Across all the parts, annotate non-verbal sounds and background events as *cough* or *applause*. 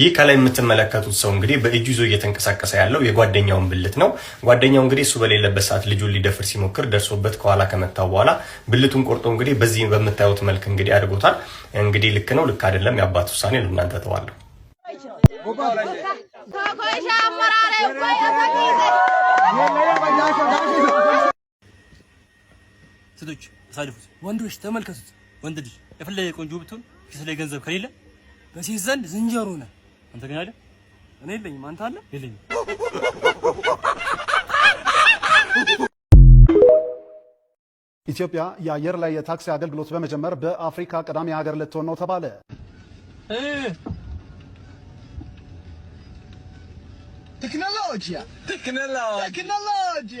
ይህ ከላይ የምትመለከቱት ሰው እንግዲህ በእጁ ይዞ እየተንቀሳቀሰ ያለው የጓደኛውን ብልት ነው። ጓደኛው እንግዲህ እሱ በሌለበት ሰዓት ልጁን ሊደፍር ሲሞክር ደርሶበት ከኋላ ከመታው በኋላ ብልቱን ቆርጦ እንግዲህ በዚህ በምታዩት መልክ እንግዲህ አድርጎታል። እንግዲህ ልክ ነው ልክ አይደለም፣ የአባት ውሳኔ ለእናንተ ተዋለሁ። ሴቶች አሳልፉት። ወንዶች ተመልከቱት። ወንድ ልጅ የፈለገ ቆንጆ ብትሆን ኪስ ላይ ገንዘብ ከሌለ በሴት ዘንድ ዝንጀሮ ነህ። አንተ ግን አይደል? እኔ የለኝም። አንተ አለ? የለኝም። ኢትዮጵያ የአየር ላይ የታክሲ አገልግሎት በመጀመር በአፍሪካ ቀዳሚ ሀገር ልትሆን ነው ተባለ። ቴክኖሎጂ ቴክኖሎጂ ቴክኖሎጂ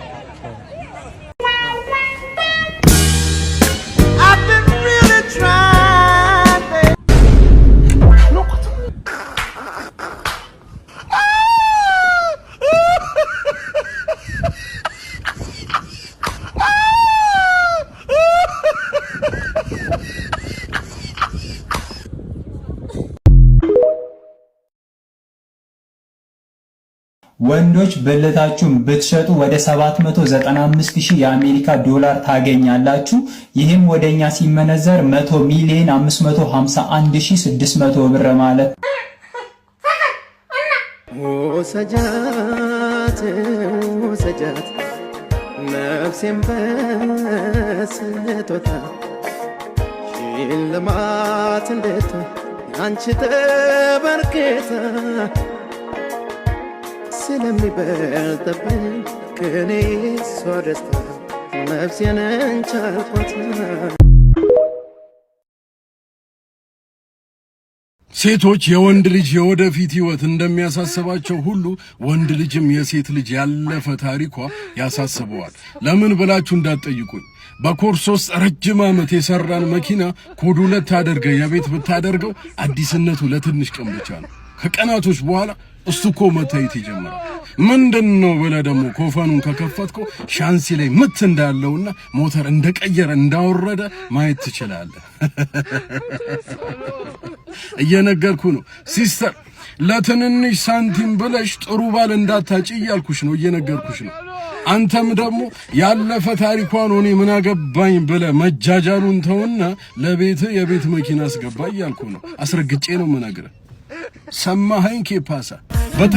ወንዶች ብልታችሁን ብትሸጡ ወደ 795000 የአሜሪካ ዶላር ታገኛላችሁ። ይህም ወደኛ ሲመነዘር 100 ሚሊዮን 551600 ብር ማለት ነው። ስለሚበልጥብኝ ከኔ እሷ ደስታ ነፍሴን ቻልኳት። ሴቶች የወንድ ልጅ የወደፊት ህይወት እንደሚያሳስባቸው ሁሉ ወንድ ልጅም የሴት ልጅ ያለፈ ታሪኳ ያሳስበዋል። ለምን ብላችሁ እንዳትጠይቁኝ። በኮርስ ውስጥ ረጅም ዓመት የሰራን መኪና ኮድ ሁለት አድርገህ የቤት ብታደርገው አዲስነቱ ለትንሽ ቀን ብቻ ነው። ከቀናቶች በኋላ እሱ እኮ መታየት ይጀምራል። ምንድን ነው ብለህ ደግሞ ኮፈኑን ከከፈትከው ሻንሲ ላይ ምት እንዳለውና ሞተር እንደቀየረ እንዳወረደ ማየት ትችላለህ። *laughs* እየነገርኩ ነው ሲስተር፣ ለትንንሽ ሳንቲም ብለሽ ጥሩ ባል እንዳታጭ እያልኩሽ ነው፣ እየነገርኩሽ ነው። አንተም ደግሞ ያለፈ ታሪኳን እኔ ምን አገባኝ ብለህ መጃጃሉን ተውና ለቤትህ የቤት መኪና አስገባ እያልኩ ነው። አስረግጬ ነው የምነግርህ። ሰማኸኝ? ኬፓሳ በጥ